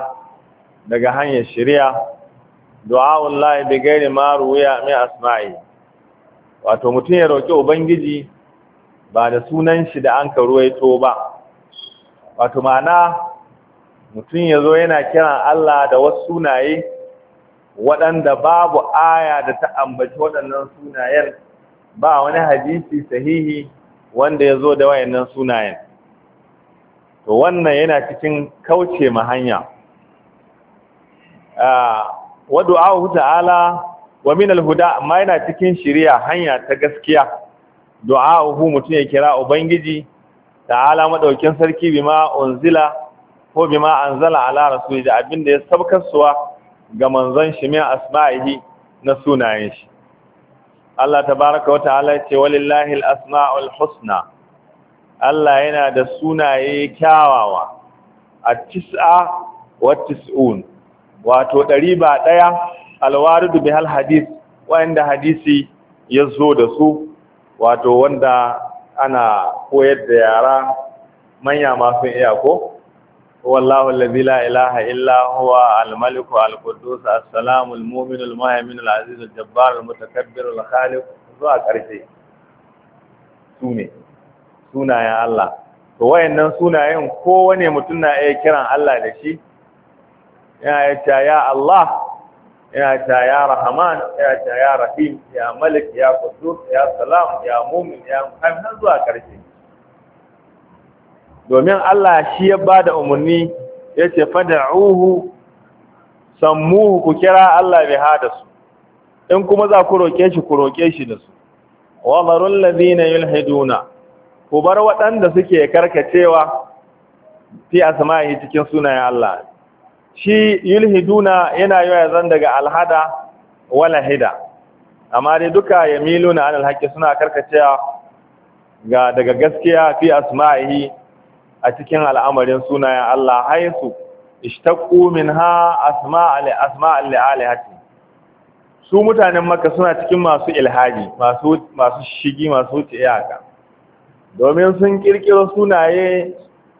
daga hanyar shari'a wallahi bi gairi ma ruya mai asma'i wato mutum ya roki ubangiji ba da sunan shi da an ka to ba wato ma'ana mutum ya zo yana kiran Allah da wasu sunaye waɗanda babu aya da ta ambaci waɗannan sunayen ba wani hadisi sahihi wanda ya zo da wayannan sunayen to wannan yana cikin kauce ma hanya wa du'ahu ta'ala wa min al-huda amma yana cikin shiriya hanya ta gaskiya du'ahu mutum ya kira ubangiji ta'ala madaukin sarki bima unzila ko bima anzala ala rasuli da abinda ya suwa. ga manzon shi min asma'ihi na sunayen shi Allah tabaraka wa ta'ala ce walillahi al-asma'ul husna Allah yana da sunaye kyawawa A tisa wa tis'un wato ɗari ba ɗaya alwaridu bihal hadis wanda hadisi ya zo da su wato wanda ana koyar da yara manya masu iyako. wallahu هو الله الذي لا إله إلا هو الملك القدوس السلام المؤمن المهيمن العزيز الجبار المتكبر الخالق zuwa ƙarshe sune, ne sunayen Allah to wayannan sunayen ko kowane mutum na iya kiran Allah da shi yana ya ya Allah yana ta ya Rahman yana ta ya Rahim ya Malik ya Qudus ya Salam ya Mumin ya Muhammad zuwa ƙarshe domin Allah shi ya ba da umarni ya ce fada'uhu sammuhu ku kira Allah bai hada su in kuma za ku roƙe shi ku roƙe shi da su wa barul ladina yulhiduna ku bar waɗanda suke karkacewa fi asma'i cikin sunayen Allah shi yulhiduna yana yawa zan daga alhada wala hida amma dai duka yamiluna na haqqi suna karkacewa ga daga gaskiya fi asma'i a cikin al'amarin sunayen Allah haisu ishtaqu minha asma'a li asma'a li alihati su mutanen Makka suna cikin masu ilhaji masu masu shigi masu wuce iyaka domin sun kirkiro sunaye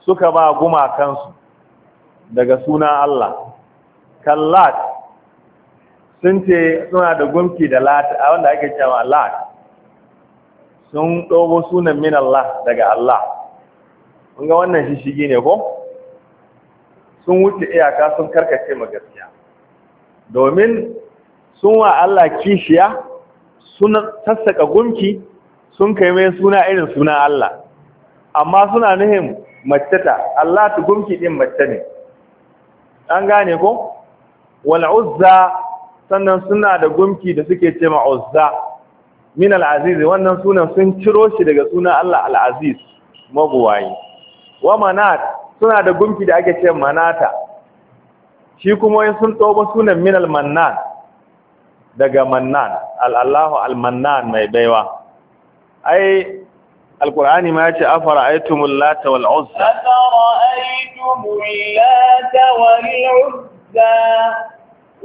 suka ba kansu daga suna Allah kallat sun ce suna da gumki da lat a wanda ake cewa lat sun ɗogo sunan min Allah daga Allah kun ga wannan shishigi ne ko sun wuce iyaka sun karkace ma gaskiya domin sun wa Allah kishiya sun sassaka gumki sun kai mai suna irin suna Allah amma suna nuhin maccata Allah ta gumki din macce ne an gane ko wal uzza sannan suna da gumki da suke ce uzza min al aziz wannan sunan sun ciro shi daga sunan Allah al aziz wa manat suna da gumfi da ake ce manata shi kuma yin sun tauba sunan min al-mannan daga mannan al al-mannan mai baiwa ai alqur'ani ma yace ce afara aitumul lata wal uzza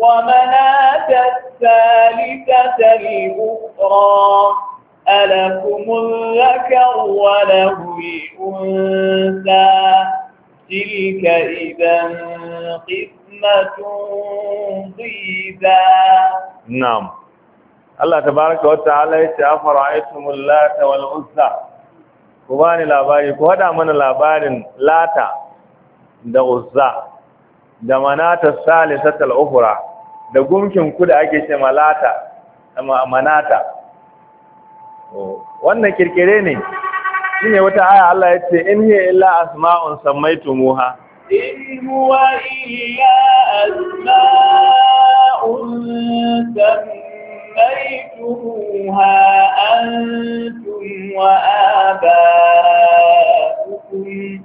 wa manat ألكم الذكر وله الأنثى تلك إذا قسمة ضيزى نعم الله تبارك وتعالى أفرأيتم اللات والعزى ku bani labari ku hada mana labarin lata da uzza da manata salisatul ukhra da gumkin ku da ake ce da manata wannan kirkire ne shine wata aya Allah ya ce in hiya illa asma'un sammaytumuha in huwa illa asma'un sammaytumuha antum wa aba'ukum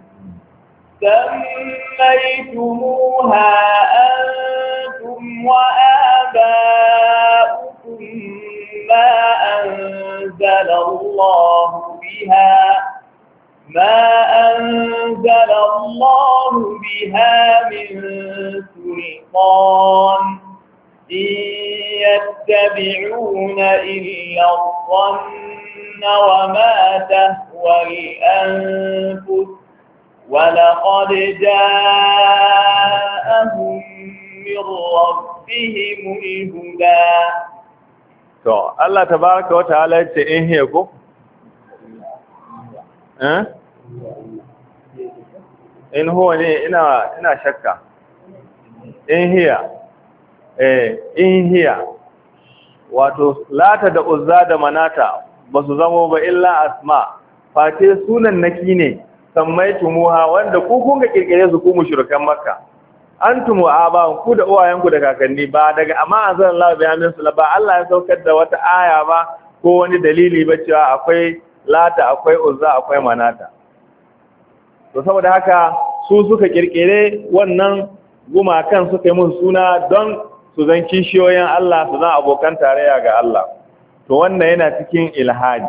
ما أنزل الله بها ما أنزل الله بها من سلطان إن يتبعون إلا الظن وما تهوى الأنفس ولقد جاءهم من ربهم الهدى to Allah tabaraka wa ta'ala yace in hiya ko eh? in huwa ne ina shakka in hiya eh in hiya wato lata da uzza da manata ba su zamo ba illa asma fate sunan naki ne tumuha wanda ku kun ga kirkire su ku mushrikan makka tumu a ba ku da uwayenku da kakanni ba daga amma anzal Allah bi amin sala ba Allah ya saukar da wata aya ba ko wani dalili ba cewa akwai lata akwai uzza akwai manata to saboda haka su suka kirkire wannan gumakan suka yi mun suna don su zan kishiyoyin Allah su zan abokan tarayya ga Allah to wannan yana cikin ilhadi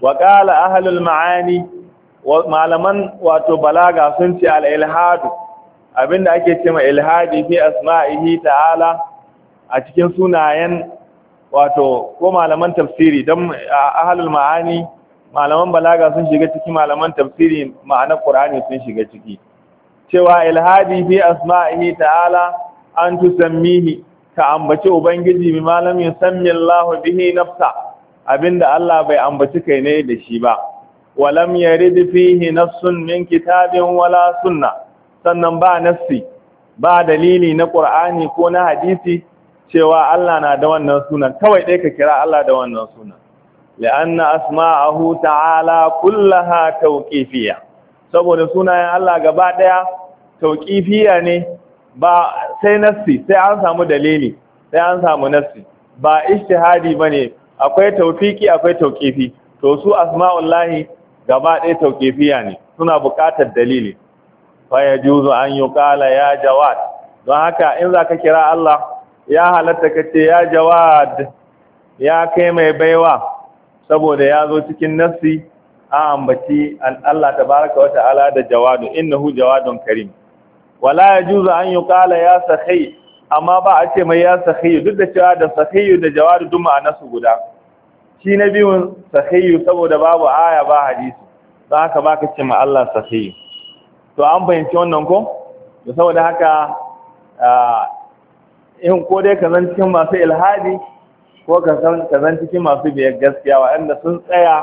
wa qala ahlul maani malaman wato balaga sun ce al ilhadu Abin da ake ce ma ilhadi fi asma'ihi ta'ala a cikin sunayen wato ko malaman tafsiri don ahalul ma'ani malaman balaga sun shiga ciki malaman tafsiri ma'anar qur'ani sun shiga ciki cewa ilhadi fi asma'ihi ta'ala an tusammihi ka ambaci ubangiji bi malam yusammi Allah bihi nafsa abinda Allah bai ambaci kai ne da shi ba walam yarid fihi nafsun min kitabin wala sunnah sannan ba nassi ba dalili na ƙur'ani ko na hadisi cewa Allah na da wannan sunan kawai dai ka kira Allah da wannan sunan li'anna asma'ahu ta'ala kullaha tawqifiyya saboda sunayen Allah gaba daya tawqifiyya ne ba sai nassi sai an samu dalili sai an samu nassi ba ijtihadi bane akwai tawfiki akwai tawqifi to su asma'ullahi gaba daya tawqifiyya ne suna buƙatar dalili fa juzu an kala ya jawad don haka in za ka kira Allah ya halatta ka ce ya jawad ya kai mai baiwa saboda ya zo cikin nassi a ambaci an Allah baraka wata ala da jawadu innahu jawadun karim wala ya juzu an kala ya sahi amma ba a ce mai ya sahi duk da cewa da sahi da jawadu duk ma'anar su guda shi na biyun sahi saboda babu aya ba hadisi don haka baka ce ma Allah sahi to an fahimci wannan ko da saboda haka in ko dai ka zan cikin masu ilhadi ko ka zan cikin masu biyar gaskiya waɗanda sun tsaya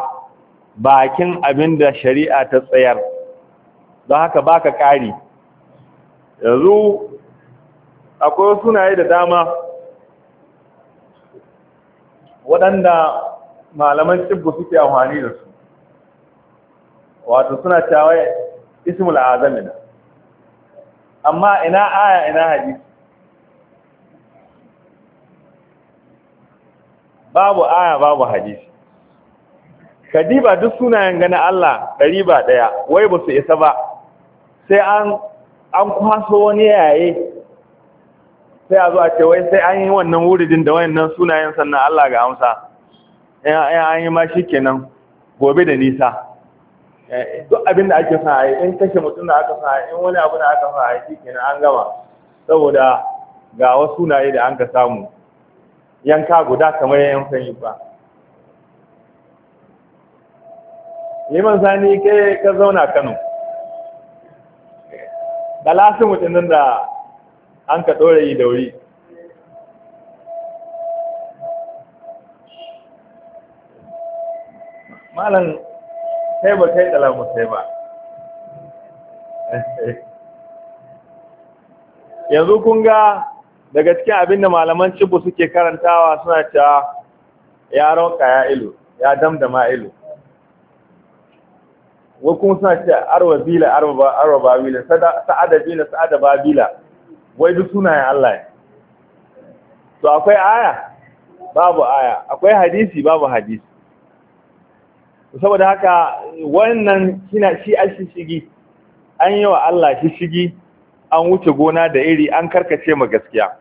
bakin abin da shari'a ta tsayar don haka baka ƙari yanzu akwai sunaye da dama waɗanda malaman cibbu suke amfani da su wato suna cewa ismul azamina amma ina aya ina hadisi babu aya babu hadisi kadiba duk sunayen gane Allah ɗari ba ɗaya wai ba su isa ba sai an an kwaso wani yaye sai a zo a ce wai sai an yi wannan wuridin da wayannan sunayen sannan Allah ga amsa ya an yi ma shikenan gobe da nisa duk abin da ake sa in kashe mutum da aka sa in wani abu da aka sa shi kenan an gama saboda ga wasu sunaye da an ka samu yanka guda kamar yankan yi ba liman sani ke ka zauna kano da lasu mutumin da an ka ɗora yi da wuri malam kai ba kai kala musai ba yanzu kun ga daga cikin abin da malaman cibu suke karantawa suna cewa ya roƙa ya ilu ya damdama ilu wakun suna ce arwa bila arwa babila sa'ada bila sa'ada bila, wai duk sunayen Allah ne to akwai aya babu aya akwai hadisi babu hadisi saboda haka wannan kina shi an shishigi an yi wa Allah shishigi an wuce gona da iri an karkace ma gaskiya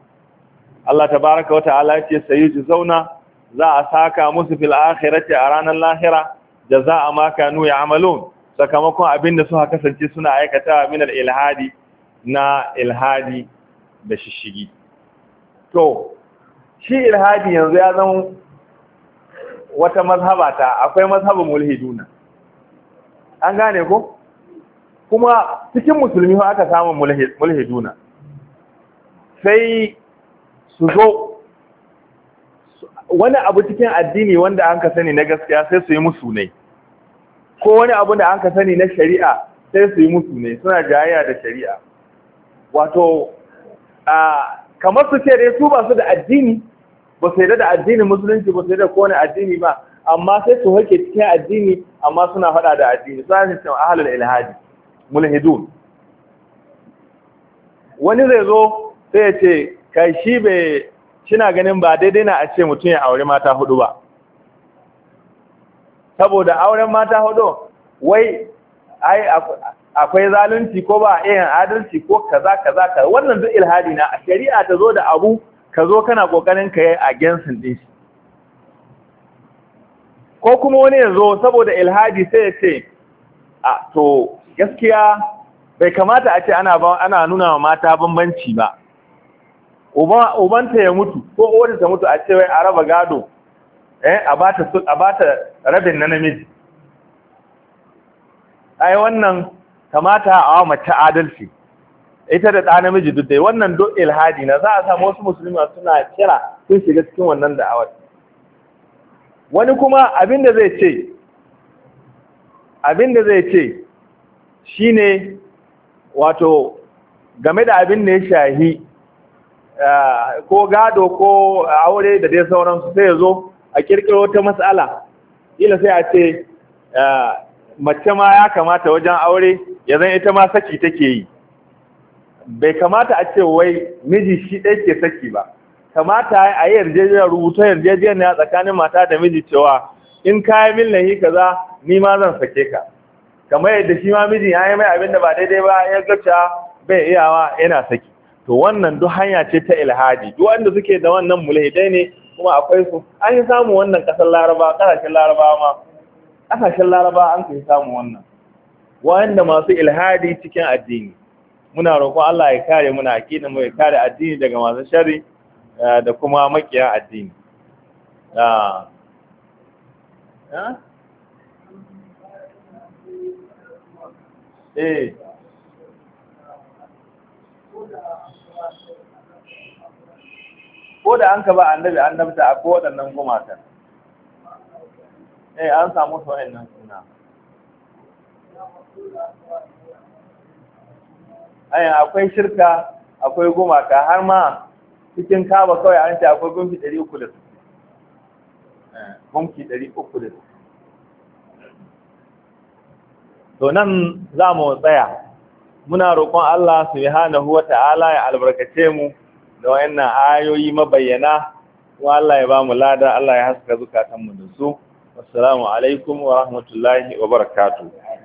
Allah tabaraka wa ta'ala ce Sayyidu zauna za a saka musu fil akhirati a ranar lahira jazaa ma kanu ya'malun sakamakon abinda suka kasance suna aikata min al ilhadi na ilhadi da shishigi to shi ilhadi yanzu ya zama wata mazhaba ta akwai mazhabin mulhiduna an gane ko kuma cikin musulmi aka samu mulhiduna sai su zo wani abu cikin addini wanda an ka sani na gaskiya sai su yi musu ne ko wani abu da an ka sani na shari'a sai su yi musu ne suna jayayya da shari'a wato a kamar su ce dai su ba su da addini ba su yarda da addinin musulunci ba su yarda ko wani addini ba amma sai su hake cikin addini amma suna faɗa da addini su ne cewa ahlul ilhadi mulhidun wani zai zo sai ya ce kai shi bai shina ganin ba daidai na a ce mutum ya aure mata hudu ba saboda auren mata hudu wai ai akwai zalunci ko ba a yin adalci ko kaza kaza kaza wannan duk ilhadi na shari'a ta zo da abu ka zo kana ƙoƙarin ka yi gensin ɗin shi ko kuma wani ya zo saboda ilhadi sai ya ce a to gaskiya bai kamata a ce ana nuna wa mata bambanci ba ubanta ya mutu ko wani ta mutu a ce a raba gado eh, a bata ta rabin na namiji ai wannan kamata a wa mace adalci ita da ɗa namiji duk dai wannan duk ilhadi na za a samu wasu musulmi suna kira sun shiga cikin wannan da'awar wani kuma abin da zai ce abin da zai ce shine wato game da abin da ya shahi ko gado ko aure da dai sauransu sai ya zo a kirkiro ta matsala ila sai a ce mace ma ya kamata wajen aure ya zan ita ma saki take yi bai kamata a ce wai miji shi ɗaya ke saki ba kamata a yi yarjejeniyar rubuta yarjejeniya tsakanin mata da miji cewa in ka yi min lahi kaza ni ma zan sake ka kamar yadda shi ma miji ya yi mai abin da ba daidai ba ya gabta bai iyawa yana saki to wannan duk hanya ce ta ilhadi duk wanda suke da wannan mulhidai ne kuma akwai su an yi samu wannan kasar laraba kasashen laraba ma kasashen laraba an yi samu wannan wanda masu ilhadi cikin addini muna roƙon Allah ya kare muna aqidar mu ya kare addini daga masu shari eh, da kuma makiyan addini ah. eh? eh ko da an ka ba annabi dabta a ko waɗannan gumakan eh an samu sauyin nan suna akwai shirka akwai gumaka har ma cikin kaba kawai an ce akwai gumki ɗari uku da gumki ɗari uku da to nan za mu tsaya muna roƙon Allah subhanahu wa ta'ala ya albarkace mu da wayannan ayoyi mabayyana kuma Allah ya ba mu lada Allah ya haska zukatan mu da su assalamu alaikum wa rahmatullahi wa barakatuh